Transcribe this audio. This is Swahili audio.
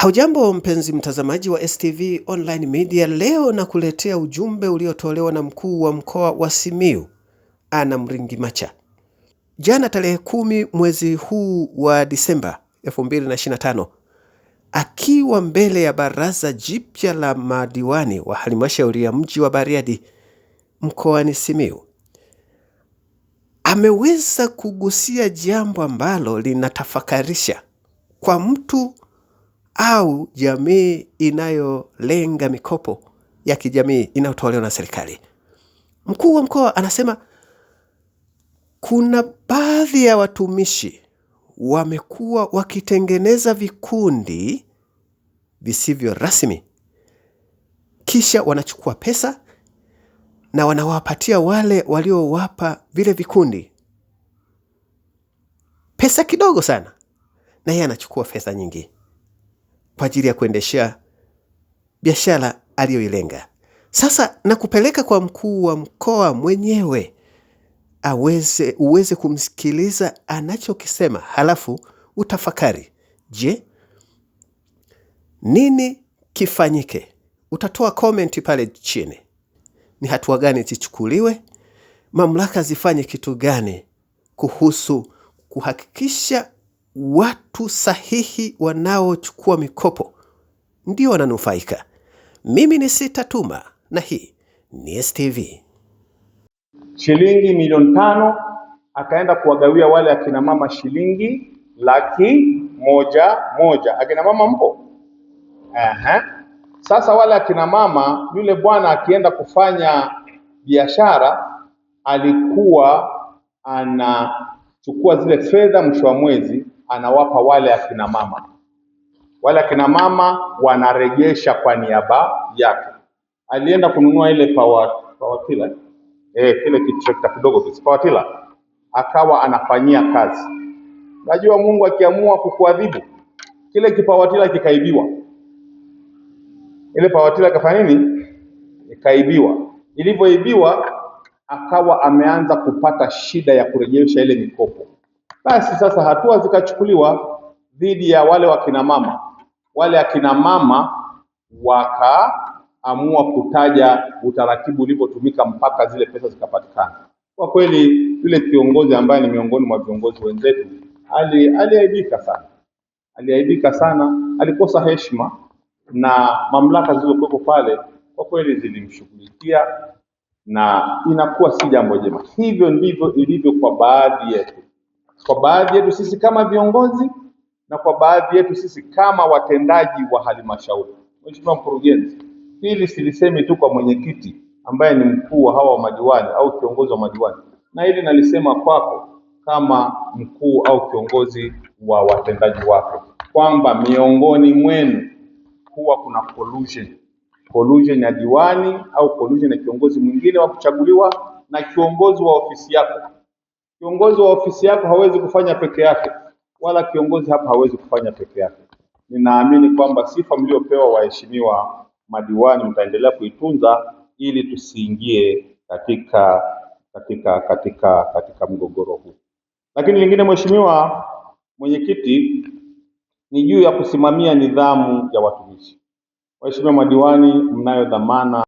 Haujambo mpenzi mtazamaji wa STV Online Media, leo na kuletea ujumbe uliotolewa na mkuu wa mkoa wa Simiyu Anna Mringimacha jana tarehe kumi mwezi huu wa Disemba 2025 akiwa mbele ya baraza jipya la madiwani wa halmashauri ya mji wa Bariadi mkoani Simiyu ameweza kugusia jambo ambalo linatafakarisha kwa mtu au jamii inayolenga mikopo ya kijamii inayotolewa na serikali. Mkuu wa mkoa anasema kuna baadhi ya watumishi wamekuwa wakitengeneza vikundi visivyo rasmi, kisha wanachukua pesa na wanawapatia wale waliowapa vile vikundi pesa kidogo sana, na yeye anachukua pesa nyingi kwa ajili ya kuendeshea biashara aliyoilenga. Sasa nakupeleka kwa mkuu wa mkoa mwenyewe aweze uweze kumsikiliza anachokisema, halafu utafakari, je, nini kifanyike? Utatoa komenti pale chini, ni hatua gani zichukuliwe, mamlaka zifanye kitu gani kuhusu kuhakikisha watu sahihi wanaochukua mikopo ndio wananufaika. Mimi ni sitatuma na hii ni STV. Shilingi milioni tano akaenda kuwagawia wale akina mama shilingi laki moja moja. Akina mama mpo? Aha. Sasa wale akina mama, yule bwana akienda kufanya biashara alikuwa anachukua zile fedha mwisho wa mwezi anawapa wale akina mama. Wale akina mama wanarejesha kwa niaba yake. Alienda kununua ile power power tiller eh, kile kitrekta kidogo power akawa anafanyia kazi. Najua Mungu akiamua kukuadhibu, kile kipawatila kikaibiwa, ile pawatila kafanya nini? Ikaibiwa. Ilivyoibiwa, akawa ameanza kupata shida ya kurejesha ile mikopo basi sasa hatua zikachukuliwa dhidi ya wale wakinamama. Wale mama wakaamua kutaja utaratibu ulivyotumika mpaka zile pesa zikapatikana. Kwa kweli yule kiongozi ambaye ni miongoni mwa viongozi wenzetu ali aliaibika sana, aliaibika sana, alikosa heshima na mamlaka zilizokuwepo pale kwa kweli zilimshughulikia, na inakuwa si jambo jema. Hivyo ndivyo ilivyo kwa baadhi yetu kwa baadhi yetu sisi kama viongozi na kwa baadhi yetu sisi kama watendaji wa halmashauri. Mheshimiwa Mkurugenzi, hili silisemi tu kwa mwenyekiti ambaye ni mkuu wa hawa madiwani au kiongozi wa madiwani, na hili nalisema kwako kama mkuu au kiongozi wa watendaji wako kwamba miongoni mwenu huwa kuna collusion. Collusion ya diwani au collusion ya kiongozi mwingine wa kuchaguliwa na kiongozi wa ofisi yako Kiongozi wa ofisi yako hawezi kufanya peke yake, wala kiongozi hapa hawezi kufanya peke yake. Ninaamini kwamba sifa mliopewa waheshimiwa madiwani mtaendelea kuitunza ili tusiingie katika katika katika katika mgogoro huu. Lakini lingine, Mheshimiwa Mwenyekiti, ni juu ya kusimamia nidhamu ya watumishi. Waheshimiwa madiwani, mnayo dhamana